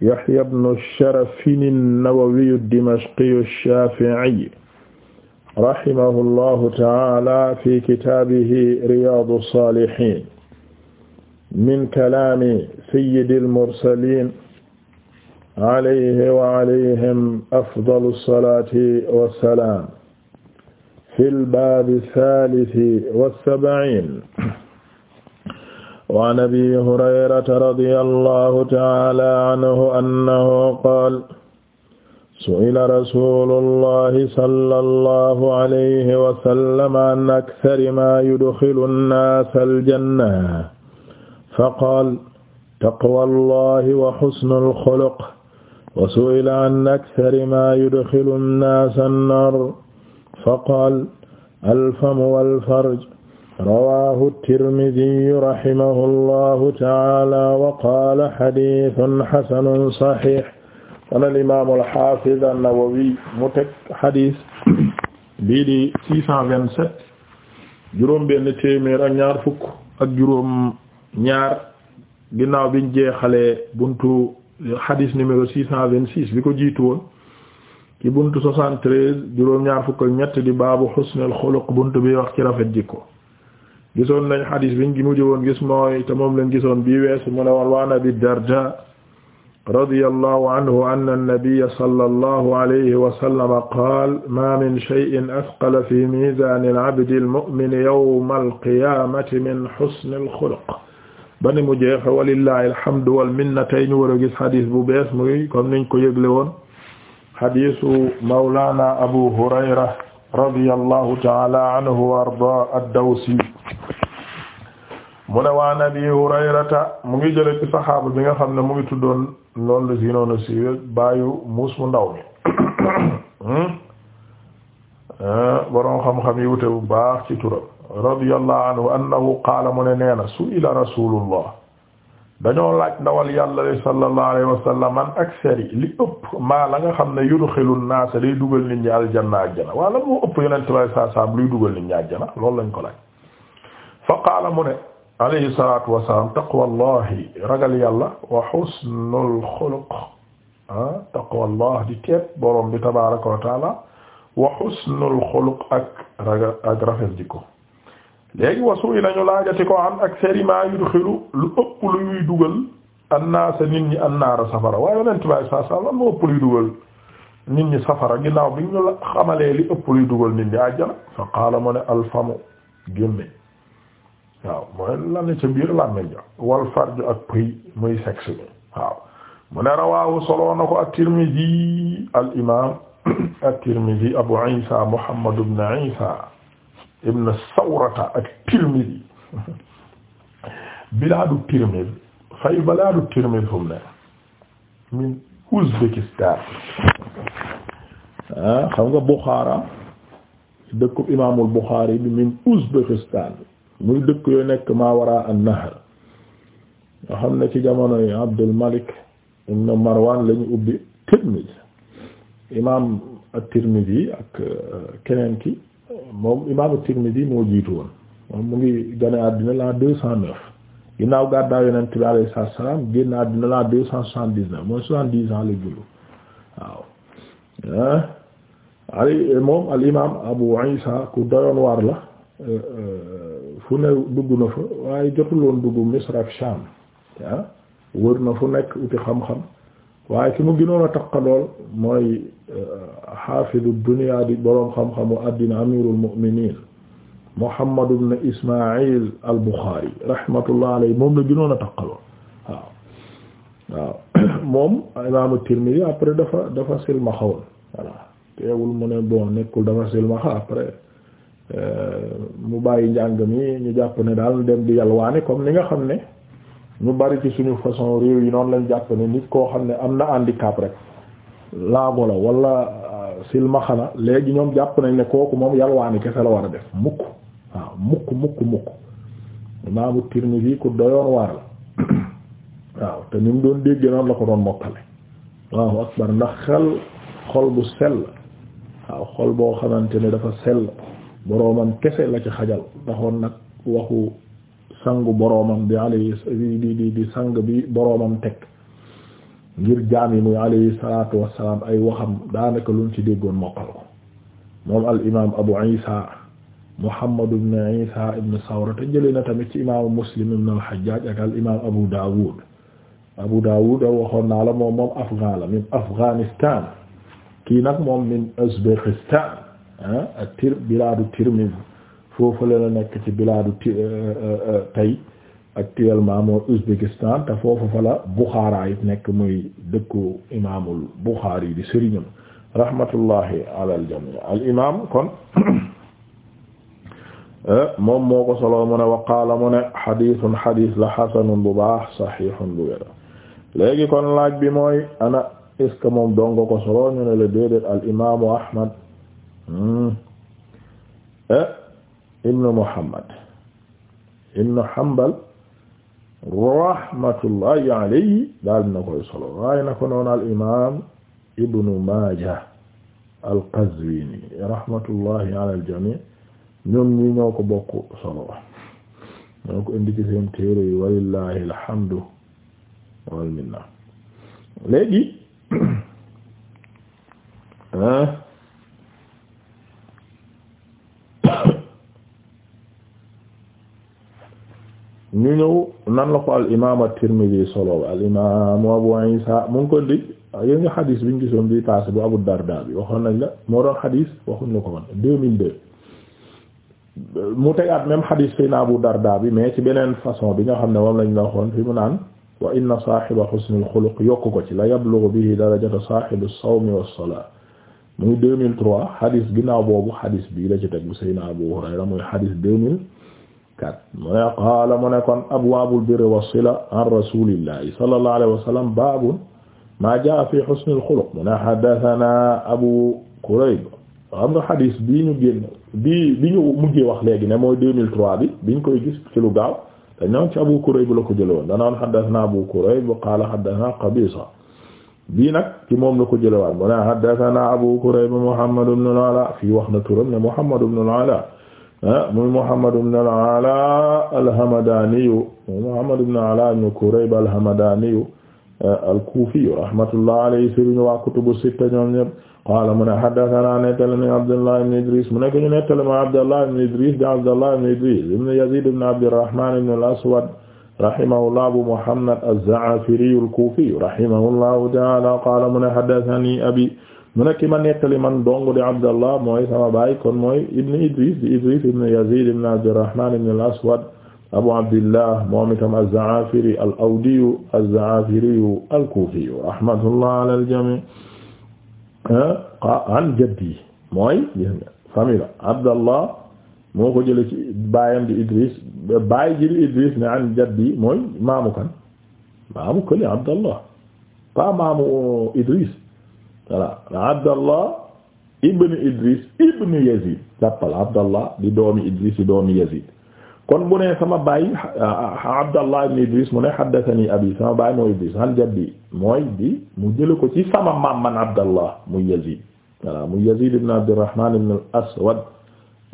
Yahya ibnu Sharafin an-Nawawi ad-Dimashqi ash-Shafi'i rahimahullahu ta'ala fi kitaabihi Riyaadu s-Saalihiin min kalaami sayyidil mursaliin alayhi wa alayhim afdalu s-salaati wa s-salaam fil baabi s-saalisi wa s-sab'iin waan abi hurayrata radiyallahu ta'ala anhu annahu qaala su'ila rasuulullahi sallallahu alayhi wa sallam an akthari maa yudxilu nnaasa aljanna faqaala taqwallahi wa husnul xuluq wa su'ila an akthari maa yudxilu nnaasa annaar faqaala alfamu wal farj rawaahu tirmidiyu rahimahu allahu taala wa qaala xadiisun xasanun saxiix kon alimaamu alxaafid annawawi mu teg xadiis bii di six cent vingt-sept juróom benn téeméer ak ñaar fukk ak juróom ñaar ginnaaw biñ jeexalee buntu xadiis numéro six cent vingt-six bi ko jiitu woon ci buntu soixante-treize juróom ñaar fukk ak ñett di baabu xusnul xuluq buntu bi wax ci rafet jikko gisoon nañ xadis biñ gi mujj woon gis mooy te moom lañ gisoon bii weesu mu ne woon waan abi darda radiyallahu anhu anna an-nabiyya sallallahu alayhi wa sallam qaala ma min shay'in athqala fi miizani al-'abdi al-mu'mini yawma al-qiyaamati min husni al-xuluq bani mu jeexe walillahi alhamdu wal minna tey ñu war a gis xadis bu bees muy comme niñ ko yëgle woon xadisu mawlaana abu hurayra radiyallahu ta'ala anhu wa arda ad-dawsi mu ne waan abi hurayrata mu ngi jële ci saxaaba bi nga xam ne mu ngi tuddoon loolu la si noonu si baayu muus mu ndaw mi boroom xam-xam yi wute bu baax ci turam radiyallahu anhu annahu qaala mu ne nee na su ila rasulullah dañoo laaj ndawal yàlla li sallallahu alayhi wa sallam an li ëpp maa la nga xam ne yudxilu naasa liy dugal nit ñi aljanna ajjana waa la moo ëpp yonent bay saa luy dugal nit ñi ajjana lool lañ ko laaj fa qaala mu ne alayhi salaatu wa salaam taqwallahi ragal yàlla wa husnul xuluq ah taqwallah di teet borom bi tabaaraka wa taala wa husnul xuluq ak ragal ak rafet jikko léegi wasu yi nañu laajati ko am ak serima yudxilu lu ëpp lu ñuy dugal annaasa nit ñi annaara safara waaye yonent bi saa saa lan moo ëpp luy dugal nit ñi safara ginnaaw bi ñu la xamalee li ëpp luy dugal nit ñi àjjana fa qaala mu ne alfamu gémmiñ waaw mooy la ne ca biir làmmiñ ja wal farju ak pëy muy sexe bi waaw mu ne rawaahu soloo na ko at-Tirmidhi al imam at-Tirmidhi Abu Isa Muhammad ibn Isa ibn Sawrata at-Tirmidhi bilaadu Tirmidh fay bilaadu Tirmidh fu mu ne min Ouzbékistan ah xam nga Bukhara dëkkub imaamul Bukhari bi min Ouzbékistan muy dëkk yooyu nekk maa wara nahr nga xam ne ci jamono yi Abdul Malik ibn Marwan lañu ubbi Tirmidhi imaam at-Tirmidhi ak euh, keneen ki moom imaam at-Tirmidhi moo jiitu woon moom mu ngi gane àddina la deux cent neuf ginnaaw gàddaay Yonent bi alayhi salaam génn àddina la mooy soixante dix ans la jullu waaw ali moom al imaam Abu Isa ku doyoon la euh, euh, fu ne dugg na fa waaye jotul woon dugg Misra ak wër na fu nekk uti xam-xam waaye ki mu gënoon a taqalool mooy xaafidu euh, dunya di boroom xam-xamu addina al Bukhari rahmatullah alayhi moom la gënoon a taqalool waaw waaw moom imaamu Tirmidhi après dafa dafa silmaxawoon voilà teewul mu ne bon nekkul dafa silmaxa après. Euh, mu bàyyi njàng mi ñu jàpp ne daal dem di yalwaane comme li nga xam ne ñu bari ci suñu façon réew yi noonu lañ jàpp ne nit koo xam ne am na handicap rek laago la wala euh, silmaxa la léegi ñoom jàpp nañ ne kooku moom yalwaani kese la war a def mukk waaw mukk mukk mukk imaamu Tirmidhi ku doyoon waar la waaw te ni mu doon dégg noonu la ko doon mokkale waaw akbar ndax xel xol bu sell waaw xol boo xamante ne dafa sell boroomam kese la ci xajal taxoon nag waxu sangu boroomam bi alayhi di di sang bi boroomam teg ngir jaam yi muy alayhi salaatu wassalaam ay waxam daanaka lu mu ci déggoon moqal ko moom al imaam abu isa na tamit ci imaamu muslim ibn al abu daawud abu waxoon naa la moom moom afghanistan kii nag moom min uzbekistan ak tir foofu la nekk ci bilaadu ti euh, euh, euh, tey actuellement mooy Ouzbékistan te foofu fa la Bukhara nekk muy dëkku imaamul Bukhari di sëriñam rahmatullahi ala al jamii kon moom moo ko solo mu ne waqaala mu ne xadiisun xadiis la xasanun bu baax saxiixun bu wér léegi kon laaj bi mooy ana est ce moom dongo ko ñu ne la déedéet al imaamu Ahmad Hmm. Eh, ibnu Muhammad ibnu Hanbal rahmatullahi alayhi daal na koy solo waaye na ko noon al imaam ibnu Maaja al Qazwini rahmatullahi ala al jamii ñoom ñi ñoo ko bokk solo ñoo ko indi ci seen téere yi walillahi alhamdu wal minna léegi ah ñu ñëw nan la ko al imaam at-Tirmidhi solo al imaam Abu Isa mu ngi ko di ah, yéen nga xadis ñu gisoon bii passé bu Abu Darda bi waxoon nañ la moo doon xadis waxuñ la ko woon 2002 mu tegaat même xadis fi na Abu Darda bi mais ci beneen façon bi nga xam ne moom lañ la waxoon fi mu naan wa inna saahiba husnil xuluq yokk ko ci la yablughu bihi darajata saahibi sawmi was-salaat muy 2003 xadis ginnaaw boobu xadis bii la ci teg bu Seydina Abu Hurayra muy xadis 2000 kat mu ne qaala mu ne kon abwaabul birri wassila an rasuulillahi sallallahu alayhi wa sallam baabun maa jaa fi husnil xuluq mu ne abu kurayb xam nga xadiis bii ñu génn bii bi ñu mujjee wax léegi ne mooy 2003 bi biñ koy gis ci lu gaaw te ñoom ci abu kurayb la ko jëlewoon danoon haddasanaa abu kurayb qaala haddasanaa qabiisa bii nag ci moom la ko jëlewaat mu ne haddasanaa abu kurayb muhammad ibn al-alaa fii wax na turam ne muhammad ibn al-alaa muy Muhammad ibn al-Ala al-Hamadaniyu Muhammad ibn al-Ala ibn Kurayb al-Hamadaniyu al-Kufiyu rahmatullah alayhi sëriñ wa kutubu sitta ñoom ñépp qaala mu ne haddathana nettale ni Abdullah ibn Idris mu nekk ñu nettale ma Abdullah ibn Idris di Abdullah ibn Idris ibn Yazid ibn Abdurrahman ibn al-Aswad rahimahullah Abu Muhammad az-Za'afiriyu al-Kufiyu rahimahullahu ta'ala qaala mu ne haddathani abi mu ne ki ma nettali man dong di Abdallah mooy sama baay kon mooy ibn Idris di Idris ibn Yazid ibn Abdurrahman ibn al-Aswad Abu Abdillah moom itam az-Za'afiri al-Awdi az-Za'afiri al-Kufi rahmatullah ala al-jami' ah, an jaddi mooy famille Abdallah moo ko jële ci baayam di Idris baay ji di Idris ne an jaddi mooy maamu kan maamu këli Abdallah pas maamu Idris voilà Abdallah ibn Idris ibn Yazid jàppal Abdallah di doomi Idris di doomi Yazid kon bu ne sama baay ah, ah, Abdallah ibn Idris mu ne haddathani abi sama baay mooy Idris an jaddi mooy di mu jële ko ci sama maam man Abdallah muy Yazid voilà muy Yazid ibn Abdurrahman ibn al-Aswad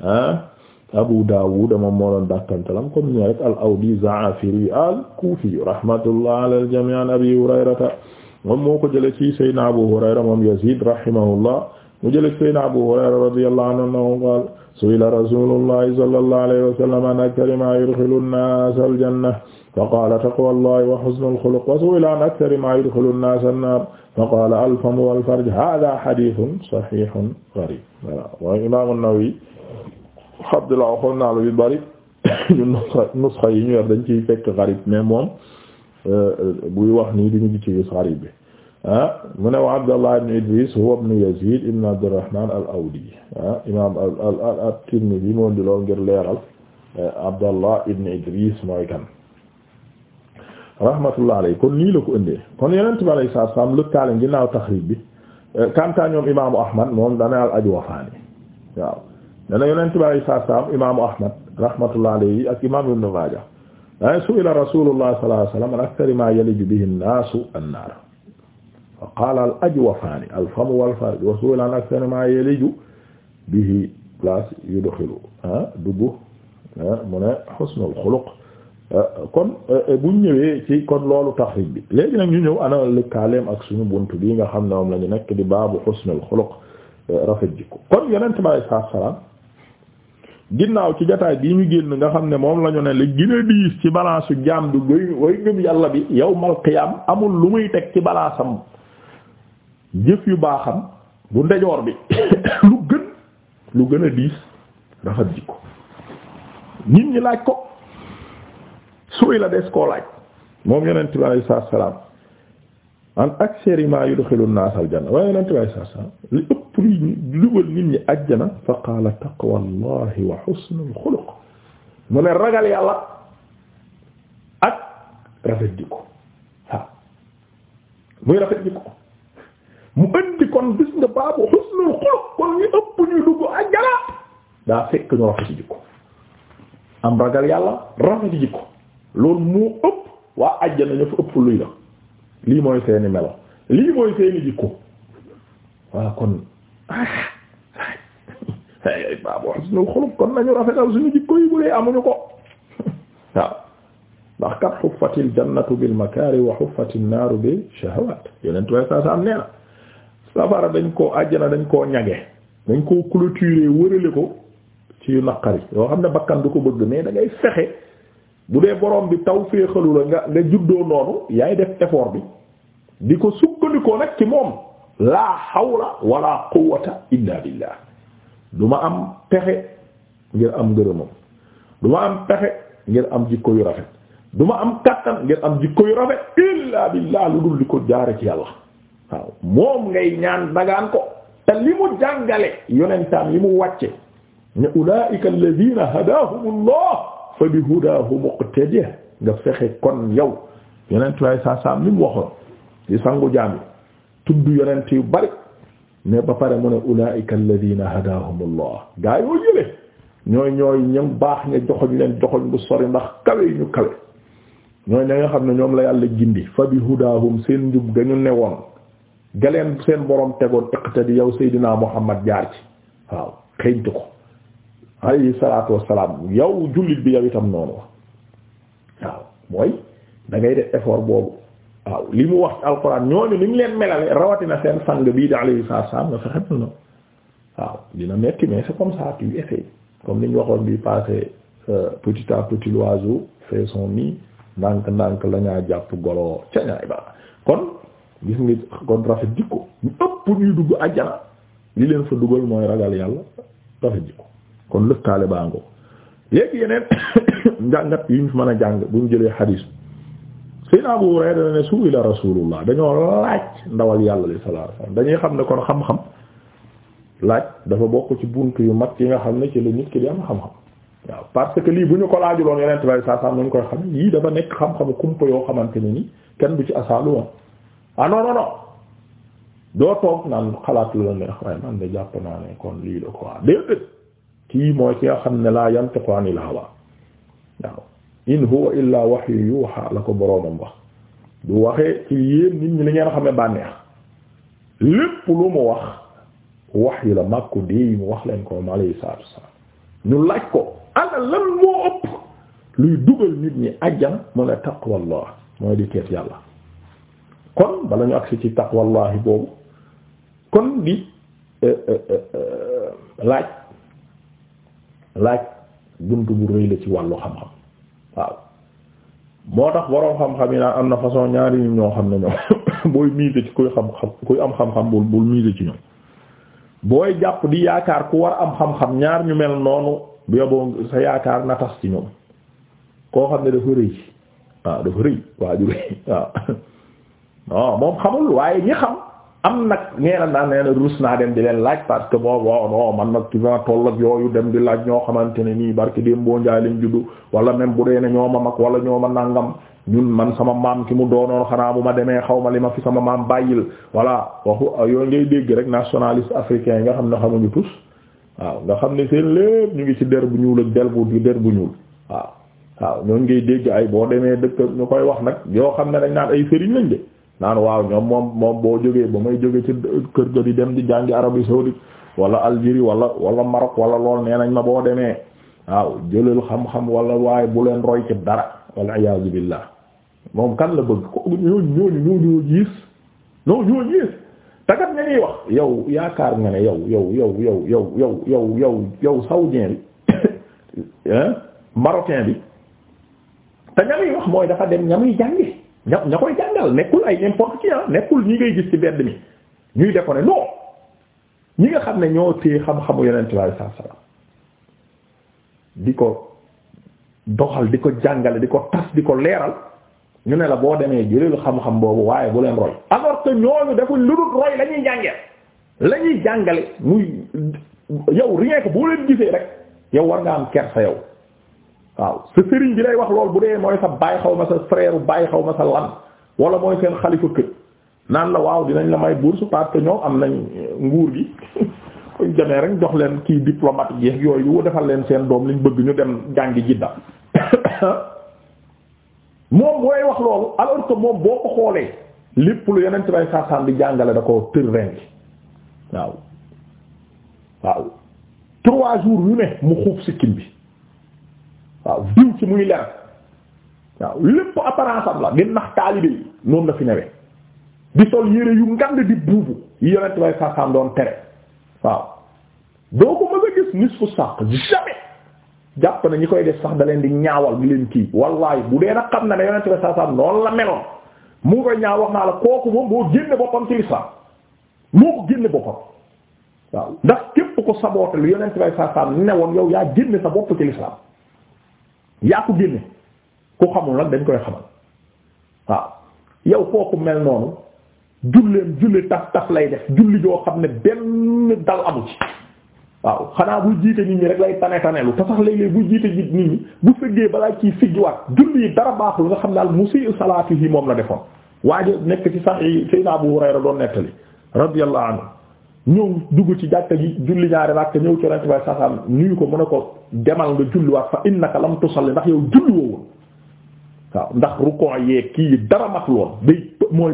ah, Abu Dawud moom moo doon dakkantalam comme ni rek al-Awdi Zaafiri al-Kufi rahmatullah ala al-jami' an Abi Hurayrata moom moo ko jële ci saydna Abu Hurayra moom Yazid rahimahullah mu jële ci saydna Abu Hurayra radiyallahu anhu qaal su'ila rasulullahi sallallahu alayhi wa sallam an akthari ma yudkhilu an-nas al-janna fa qala taqwallahi wa husnul khuluq wa su'ila an akthari ma yudkhilu an-nas an-nar fa qala al-famu wal-farj hadha hadithun sahihun gharib voilà wa imam an-Nawawi Abdullah waxoon naa lu bari ñun nusxa yi ñu yor dañ ciy fekk gharib mais moom buy wax nii di ñu ci gis xarib bi ah mu ne wa Abdallah ibn Idris huwa ibn Yazid ibn Abdurrahman al-Awdi ah imaam al al at-Tirmidhi moo di lool ngir leeral eh, Abdallah ibn Idris mooy kan. rahmatullah alayhi kon nii la ko indee kon yeneen tubaab yi saa saam lëkkaale ginnaaw taxriib bi eh, Kanta ñoom imaamu Ahmad moom dana al Ajwafaani waaw dana yeneen tubaab yi saa saam imaamu Ahmad rahmatullah alayhi ak imaam Ibn Maaja su'ila rasulullah sallallahu alayhi wa sallam an akthari ma yaliju bihi an-naasu an-naar fa qaala al-ajwafaani al-famu wal-farj wa su'ila an akthari ma yaliju bihi place yudxilu ah, dugg ah, mu ne husnul xuluq ah, kon eh, buñ ñëwee ci kon loolu taxrij bi léegi nag ñu ñëw ana lëkkaaleem ak suñu bunt bii nga xam ne moom la ñu nekk di baabu husnul xuluq eh, rafet jikko kon yonent bi alayhi salaatu wa salaam ginnaaw ci jataay bii ñu génn nga xam ne moom la ñu ne li gën a diis ci balance su jaam du goy way ngëm yàlla bi yawmal qiyaam amul lu muy teg ci balaasam jëf yu baaxam bu ndejoor bi lu gën lu gën a diis rafet jikko nit ñi laaj ko suy la des koo laaj moom yonent bi alayhi salaam an aksari ma yudxilu an-nas al-janna waaye yonent way sa sa li ëpp li dugal nit ñi àjjana fa qaala taqwa allahi wa husnul xuluq mu ne ragal yàlla ak rafet jikko muy rafet jikko mu indi kon gis nga baabu husnul xuluq kon ñu ëpp ñu dugg àjjana daa fekk ñu rafet jikko am ragal yàlla rafet jikko loolu moo ëpp waa àjjana ñu fa ëpp luy la lii mooy seeni melo lii mooy seeni jikko waa kon ay baabu husnul xuluq kon nañu rafetal suñu jikko yi bu dee amuñu ko waaw ndax kat xuffatil jannatu bil makaari wa xuffatin naaru bi shahawaat yeneen tubaab saa saa nee na safara dañ koo àjjana dañ koo ñage dañ koo clôturer wërale ko ci yu naqari yoo xam ne bakkan du ko bëgg mais da ngay bu dee borom bi taw féexalu la nga nga juddoo noonu yaay def effort bi di ko sukkandikoo nag ci moom laa xawla wala quwwata illa billah du ma am pexe ngir am ngërëmam du ma am pexe ngir am jikko yu rafet du ma am kàttan ngir am jikko yu rafet illa billah lu dul di ko jaare ci yàlla waaw moom ngay ñaan dagaan ko te li mu jàngale yonentaan yi mu wàcce ne ulaika alladhina hadahumullah fa bi hudahu muqtadi nga fexe kon yow yonent waaye saa saam li mu waxoon ci sangu jaami tudd yonent yu bari ne ba pare mu ne ulaika alladina hadahumullah gaa yoo jële ñooy ñooy ñam baax nga joxoñ leen joxoñ bu sori ndax kawe ñu kawe ñooy ña nga xam ne ñoom la yàlla gindi fa bi hudahum seen njub dañu newoon galeen seen boroom tegoon di yow Seydina Muhammad jaar ci waaw xëyntu ko alayhi salaatu wassalaam yow jullit bi yow itam noonu waaw mooy da ngay def effort boobu waaw li mu wax alquran ñooñu ni mu leen melale rawatina seen sang bii di alayhi salaatu wassalaam nga fexe noonu waaw dina metti mais c'est comme ça tu essayes comme ni waxoon bi passé euh, petit à petit l'oiseau fait son nid ndànk ndànk la jàpp golo ca ñaay ba kon gis ngi kon rafet jikko ñu ëpp ñuy dugg àjjana li leen fa dugal mooy ragal yàlla rafet jikko kon lëkkaale baa ngo léegi yeneen njàngat yuñ mën a jàng ñu jëlee xadiis sayna Abu Hurayra ne su ila rasulullah dañoo laaj ndawal yàlla li sallallahu alayhi wasallam dañuy xam ne kon xam laaj dafa bokk ci bunt yu mag yi nga xam ne ci la nit ki xam-xam waaw que lii bu ñu ko laajuloon yeneen tubaab yi saa saa ñu koy xam yii dafa nekk xam xam kumpa yoo xamante ne ni kenn bu ci asaalu woon ah non doo toog naan xalaat la ne waaye man de jàpp naa kon lii la quoi déedéet. kii mooy ki nga xam ne laa yantiqu anil hawa waaw in huwa illaa wahyu yuha la ko boroomam wax du waxee ci yéen nit ñi li ngeen xam ne bànneex lépp lu mu wax wahyu la mag ko déey mu wax leen ko moom alayhi lan moo ëpp luy dugal nit ñi ajjan mu ne taqwallah mooy di yàlla kon bala ñu agsi ci taqwallahi boobu kon di eh, eh, eh, laaj laaj bunt bu rëy la ci wàllu xam-xam waaw moo tax boroom xam-xam yi naan am na façon ñaar nit ñoo xam ne ñoom booy miise ci kuy xam-xam kuy am xam-xam bul bul miise ci ñoom booy jàpp di yaakaar ku war am xam-xam ñaar ñu mel noonu bu yoboo sa yaakaar na tas ci ñoom koo xam ne dafa rëy waaw dafa rëy waaju rëy waaw non moom xamul waaye ñi xam am nag nee na naa nee ruus naa dem di leen laaj parce que bon bon man nag ci ma toll ak yooyu dem di laaj ñoo xamante ne nii barke démb boo njaay lañ juddu wala même bu dee ne ñoo ma mag wala ñoo ma nangam ñun man sama maam ki mu doonoon xanaa bu ma demee xaw ma li ma fi sama maam bàyyil voilà waxu yooyu ngay dégg rek nationaliste africain yi nga xam ne xamuñu tous waaw nga xam ne seen ñu ngi ci der bu ñuul ak der bu der bu ñuul waaw waaw ñooñu ngay dégg ay boo demee dëkk ñu wax nag yoo xam ne dañ naan ay sëriñ lañ de. naan waaw ñoom moom moom boo jógee ba may jóge ci kër ga di dem di jàngi Arabie saoudite wala Algérie wala wala Maroc wala lool nee nañ ma boo demee waaw jëlal xam-xam wala waaye bu leen roy ci dara wala iyaazu billah moom kan la bëgg ko ñooñu ñooñu ñooñu gis ñooñu ñooñu gis takat nga ñuy wax yow yaakaar nga ne yow yow yow yow yow yow yow yow yow saoudien bi marocain bi te ña muy wax mooy dafa dem ña muy jàngi ña ña koy jàngal nekkul ay n'importe qui ah nekkul ñi ngay gis ci bedd mi ñuy def ko ne non ñi nga xam ne ñoo téye xam-xamu yonent bi sallallahu alayhi di ko doxal di ko jàngale di ko tas di ko leeral ñu ne la boo demee jëlelu xam-xam boobu waaye bu leen roy alors ñoo ñooñu defuñ lu dul roy la ñuy jàngee jàngale muy yow rien que boo leen gisee rek yow war nga am kersa yow. waaw sa sëriñ bi lay wax lool bu dee mooy sa baay xaw ma sa frère baay xaw ma sa lan wala mooy seen xalifa kër naan la waaw dinañ la may bourse parce que ñoo am nañ euh, nguur gi kuñ demee rek jox leen kii diplomatique yeeg yooyu wu defal leen seen doom liñ bëgg ñu dem jàngi jidda moom mooy wax loolu alors que moom boo ko xoolee lépp lu yeneen bay saasan di jàngale da ko tër ren waaw waaw trois jours yu ne mu xuub sikkim bi waaw diw ci muy leer waaw lépp apparence am la di nax taalibe yi noonu la fi newee di sol yére yu ngand di buubu yi yonent bay saasaam doon tere waaw doo ko mën a gis nisfu sàq jamais jàpp na ñi koy def sax da leen di ñaawal di leen kii wallahi bu dee nag xam na ne yonent bay saasaam noonu la meloon mu ngi koy ñaaw naa la kooku moom boo génne boppam ci lislaam moo ko génne boppam waaw ndax képp ko saboote lu yonent bay saasaam newoon yow yaa génne sa bopp ci yaa ko génne ku xamul nag dañ koy xamal waaw yow kooku mel noonu julleem julli taf taf lay def julli joo xam ne benn dal amu ci waaw xanaa buy jiite nit ñi rek lay tane tanelu te sax léeg buy jiite nit ñi bu fëggee balaa ciy fijjiwaat julli yi dara baaxul nga xam daal al musii salaati yi moom la defoon waaye nekk ci sax yi Seydina Abu Hurayra doon nettali radiyallahu anhu ñëw dugg ci jàkka gi julli ñaari rakk ñëw ci rent bay sasam nuyu ko mu ne ko demal nga julliwaat fa innaka lam tusalli ndax yow julli woowul waaw ndax rukon yeeg kii dara mat lool day mooy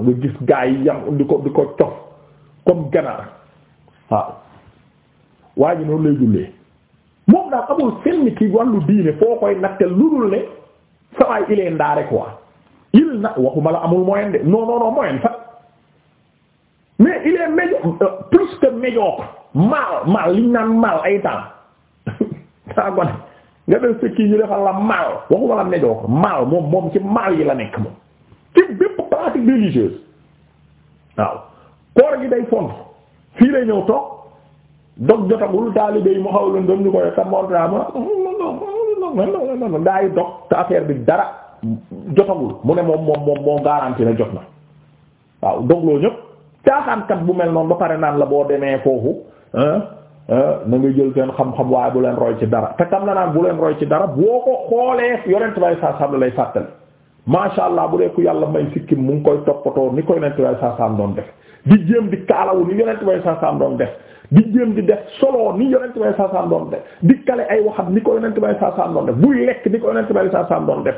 yi di ko di ko cof comme ganaar waaw waa ji noonu lay jullee moom daal amul fenn ki wàllu diine foo koy natte ludul ne sawaay il est ndaare quoi il na waxuma la amul moyen de non moyen mais il est médiocre euh, plus que médiocre mal mal liñ naan mal ay temps taa gone nga def sëkki ñu defal la mal waxuma la médiocre mal moom moom ci mal yi la nekk moom ci bépp pratique religieuse waaw koor gi day font fii lay ñëw toog dog jotagul taalibe yi mu xaw lan doon ñu koy sa montra ma non daa moom moom moom garanti na jot na waaw dogloo ñëpp caaxaankat bu mel noonu ba pare naan la boo demee foofu na nga jël seen xam-xam waaye bu leen roy ci dara te tam la naan bu leen roy ci dara boo ko xoolee yonent bay saasaam la lay fàttali masha allah bu dee ku yàlla may sikkim mu ngi koy toppatoo ni ko yonent bay saasaam doon def di jëm di kaalawu ni yonent bay saasaam doon def di jéem di def solo ni yonent bay saasaam doon def di kale ay waxam ni ko yonent bay saasaam doon def buy lekk ni ko yonent bay saasaam doon def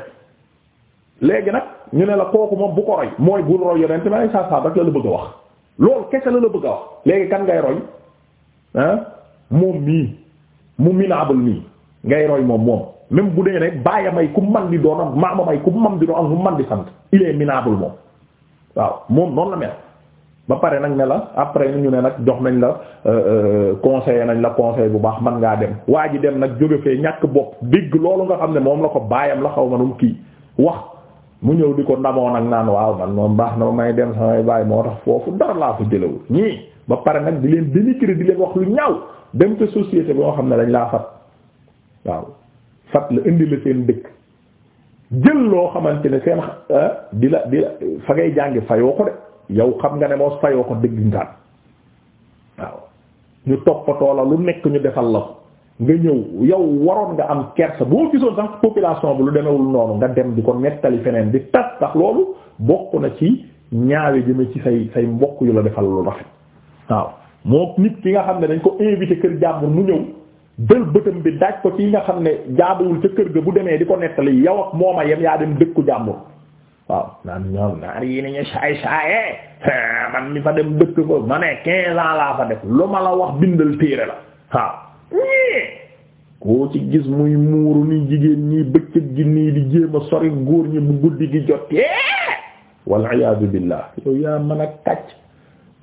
léegi nag ñu ne la kooku moom bu ko roy mooy bul roy yonent bay saasaam rek la wax loolu kese la la bëgg a wax léegi kan ngay roy ah moom mii mu minaabal nii ngay roy moom moom même bu dee rek bàyyi may ku man di doon am maama may ku man di doon am ku man di sant il est minaabal moom waaw moom noonu la mel ba pare nag ne la après ñu ne nag jox nañ la euh, euh, conseiller nañ la conseil bu baax man ngaa dem waa ji dem nag jóge fee ñàkk bopp dégg loolu nga xam ne moom la ko baayam la xaw ma nu mu kii wax mu ñëw di ko ndamoon ak naan waaw man moom baax na may dem samay bàyyi moo tax foofu dara laa fa jëlawul ñii ba pare nag di leen dénigrer di leen wax lu ñaaw dem te société boo xam ne dañ laa fat waaw fat la indi la seen dëkk jël loo xamante ne seen ah, di la di la fa ngay jàngi fayoo ko de yow xam nga ne loo fayoo ko dëgg ngaan waaw ñu toppatoo la lu nekk ñu defal la ko nga ñëw yow waroon nga am kersa boo gisoon sax population bi lu demewul noonu nga dem di ko nettali feneen di tas tax loolu bokk na ci ñaawe jëme ci say say mbokk yu la defal lu rafet waaw moo nit ki nga xam ne dañ ko invité kër jàmbur mu ñëw dël bi daaj ko ci nga xam ne jaabuwul ca kër ga bu demee di ko nettali yow ak mooma yem yaa dem dëkku jàmbur waaw naan ñoom naar yi nañu saay saaye man mi fa dem dëkk fa ma ne laa fa def lu ma la bindal téere la koo ci gis muy muuru ni jigéen ñi bëccëg gi nii di jéem a sori góor ñi bu guddi gi jotee wal iyaadu billah yow yaa mën a kàcc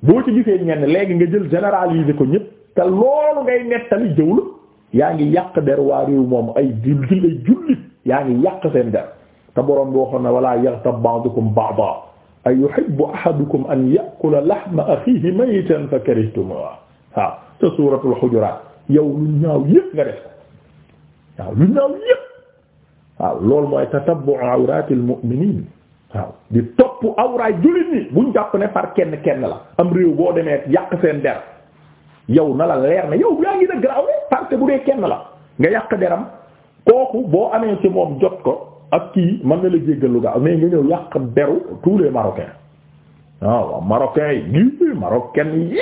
boo ci gisee ñenn léegi nga jël généraliser ko ñëpp te loolu ngay nettali jëw la yaa ngi yàq der waa réew moom ay jul ay jullit yaa ngi yàq seen der te boroom bi waxoon na wala yaghtab ba'dukum ba'dan ay yuhibbu ahadukum an ya'kula lahma akhihi maytan fa karihtumuhu waaw te suuratul hujuraat yaw lu ñaaw yépp nga def waaw lu ñaaw yépp waaw loolu mooy tatabbu awratil mu'minin waaw di topp awraay jullit ñi buñ jàpp ne par kenn kenn la am réew boo demee yàq seen der yow na la leer na yow yaa ngi na garaaw parce que bu dee kenn la nga yàq deram kooku boo amee ci moom jot ko ak kii mën na la jéggal lu gaaw mais nga ñëw yàq deru tous les marocains waaw waaw marocains yi marocains yi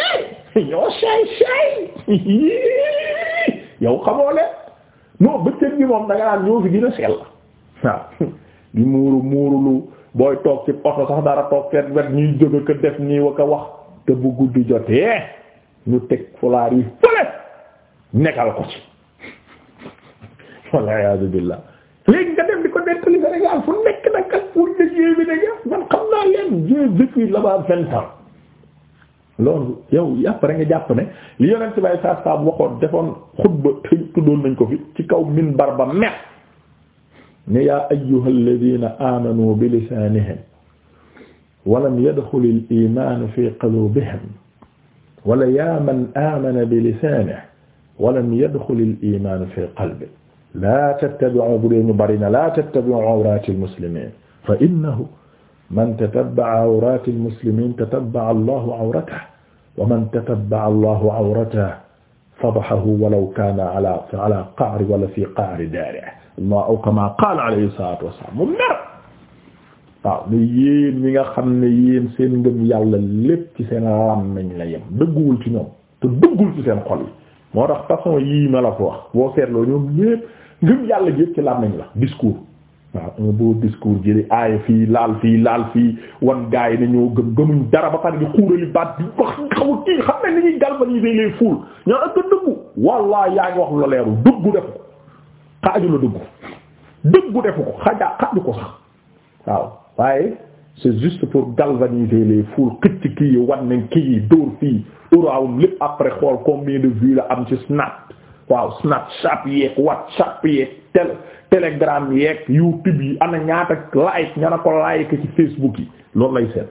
yow say say yow xamoo leen non bëccëg bi moom da nga naan ñoo fi gën a sell waaw di muuru muurulu booy toog ci oto sax dara toog fet wet ñuy jóg ko def nii wa wax te bu guddi jotee ñu teg fulaar yi fële nekkal ko ci walla iyaazu billaah léegi nga dem di ko nettali Sénégal fu nekk nag ak pour ne jéem bi ne man xam naa leen jéem depuis là-bas vingt ans. loolu yow après nga jàpp ne li yonent bay saa saa waxoon defoon xutba te tuddoon nañ ko fi ci kaw minbar ba met ne yaa ayyuhal ladina amanu bi lisaanihim walam yadxulil imaanu fi quluubihim wala yaa man amana bi lisaanihi walam yadxulil imaanu fi qalbihi laa tattabi'u bu dee ñu bari na laa tattabi'u awraatil muslimiin fa innahu man tatabba'a awraati al-muslimiin tatabba'a Allahu awratahu wa man tatabba'a Allahu awratahu fadahahu walaw kaana ala ala qa'ri wala fi qa'ri daarihi aw kamaa qaala alayhi salaatu wa salaam mu mer waaw ne yéen ñi nga xam ne yéen seen ngëm yàlla lépp ci seen làmmiñ la yem dëgguwul ci ñoom te dëggul ci seen xol yi moo tax façon yii ma la ko wax boo seetloo ñoom ñépp ngëm yàlla gi yépp ci làmmiñ la discours waaw un beau discours jëli aaya fii laal fii laal fii wan gaay yi ñoo gëm gëmuñ dara ba pare di xuurali baat di a kii xam ne ni ñuy galvaniser les foules ñoo ak dëggu wallaahi yaa ngi wax lu leeru dëggu defu ko xaaju la dëggu dëggu defu ko xaja xaaju ko sax waaw waaye c'est juste pour galvaniser les foules xëcc kii yi wan nañ kii yi dóor fii urawum lépp après xool combien de vues la am ci snap waaw snapchat yeeg whatsapp yeeg tel telegram yeeg youtube yi ana ñaata like a ko like ci facebook yi loolu lay seet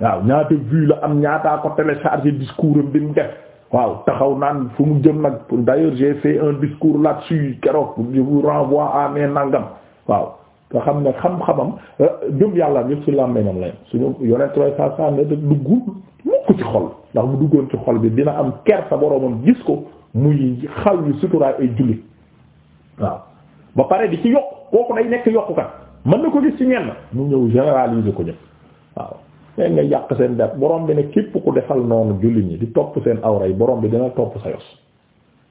waaw ñaata vue la am ñaataa ko télécharger discours am bi mu def waaw taxaw naan fu mu jëm nag d'ailleurs j'ai fait un discours là-dessus keroog je vous renvoie à mes nangam waaw nga xam ne xam-xamam jëm euh, yàlla yëpp ci làmmiñam lay suñu yonent way sa sa ne duggu mukk ci xol ndax bu duggoon ci xol bi dina am kersa boroomam gis ko muy xaw yu suturaay ay jullit waaw ba pare di ci yokk kooku day nekk yokkukat mën na ko gis ci ñenn mu ñëw généraliser ko ñëpp waaw leen nga yàq seen der boroom bi ne képp ku defal noonu jullit ñi di topp seen awra yi borom bi dina topp sa yos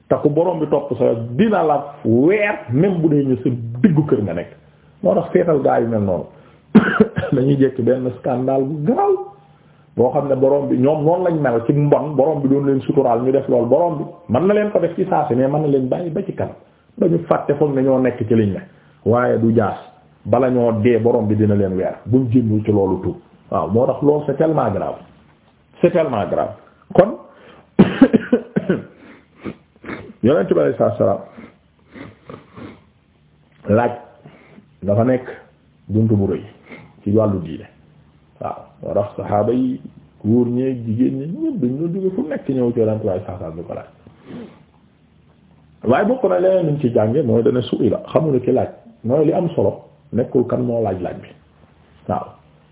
te boroom bi topp sa yos dina la weer même bu dee ñu sa diggu kër nga nekk moo tax seetal gaa yu mel noonu dañuy jekk benn scandale bu garaw boo xam ne borom bi ñoom noonu lañ mel ci mbon borom bi doon leen suturaal ñu def lool borom bi mën na leen def ci si mais mën na leen ba ci kanam dañu fàtte foog nañoo nekk ci liñ ne waaye du jaas bala ñoo dee borom bi dina leen weer buñ jëndul ci loolu tuub waaw moo tax loolu c'est tellement grave c'est tellement grave kon yonent bi alayhi salaam laaj dafa nekk buntu bu rëy ci wàllu diine waaw saxaaba yi góor ñeeg jigéen ñi ñëpp dañu doon fu nekk ñëw ci yonent bi alayhi salaam du ko laaj waaye bokk na leneen luñ ci jànge mooy dana su'ila xamul ki laaj mooy li am solo nekkul kan moo laaj laaj bi waaw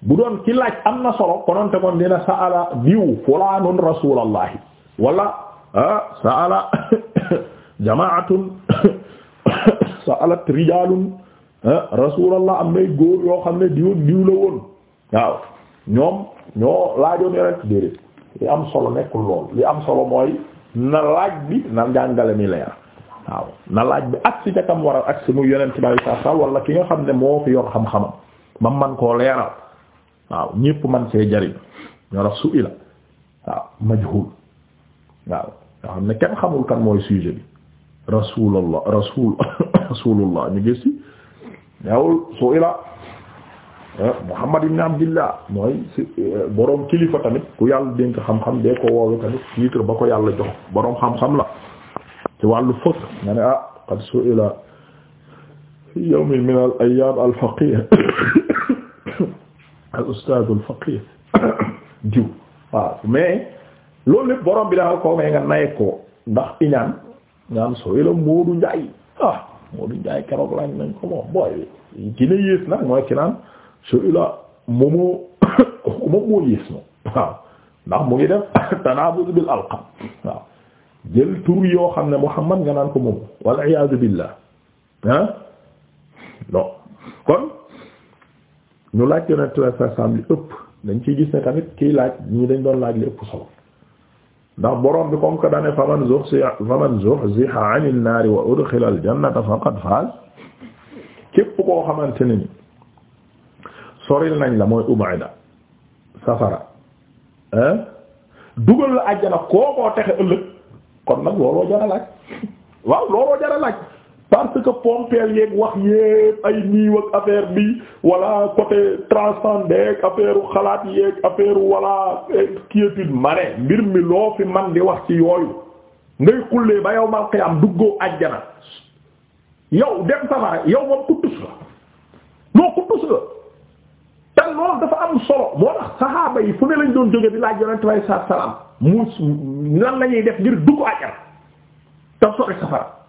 bu doon ki laaj am na solo kononte moom dina sa'ala diw fulaanun rasulallahi wala sa'ala jamaatun sa'alat rijalun rasulallah am nay góor yoo xam ne diw diw la woon waaw ñoom ñoo laajoon yo rek déedéet li am solo nekkul lool li am solo mooy na laaj bi na jàngale mi leer waaw na laaj bi agsi ca kam war a agsi muy yonent bi alayhi salaam wala ki nga xam ne moo fi yor xam xam ba man koo leeral waaw ñépp man see jariñ ñoo su ila waaw majhul waaw nga xam ne kenn xamul kan mooy sujet bi rasulullah rasul rasulullah ñu gis ci yow su ila eh, Muhammad ibn Abdillah mooy eh, boroom kilifa tamit ku yàlla dénk xam-xam dee ko woowe tamit titre ba ko yàlla jox boroom xam-xam la ci wàllu fëkk nga ne ah, qad su'ila fi yawmin min al ayyam al faqih al ustad al faqih diw waaw mais loolu lépp borom bi daal koo may nga naye ko ndax iñaan ñaan su'ila Moodu Njaay ah Moodu Njaay keroog laaj nañ ko moom booy gina yées nag mooy ki naan su'ila moomu moom moo yées moom waaw ndax mu ngi def tanaabuz bil alqab jël tur yoo xam ne Muhammad nga naan ko moom wal iyaadu billah ah non kon ñu laaj yonent la sa sam li ëpp dañ ciy gis ne tamit kiy laaj ñii dañ doon laaj li ëpp solo ndax borom bi comme que dane faman zuhziha faman zuhziha 'anil naari wa udxila al jannata faqad faaz képp koo xamante ne ni soril nañ la mooy ubaida safara ah. dugal la àjjana kookoo texe ëllëg kon nag looloo jar waaw looloo jar a laaj parce que pompeel yeeg wax yépp ay niiw ak affaire bi wala côté transcendé affaire u xalaat yeeg affaire wala eh, quiétude ma ne mbir mi loo fi man di wax ci yooyu ngay xullee ba yow mal xiyaam duggoo àjjana yow dem safara yow moom kuttus la moo kuttus la te loolu dafa am solo moo tax saxaaba yi fu ne lañ doon jóge di laaj yonent bi sallallahu mu lan la ñuy def ngir dugg àjjana te sori safara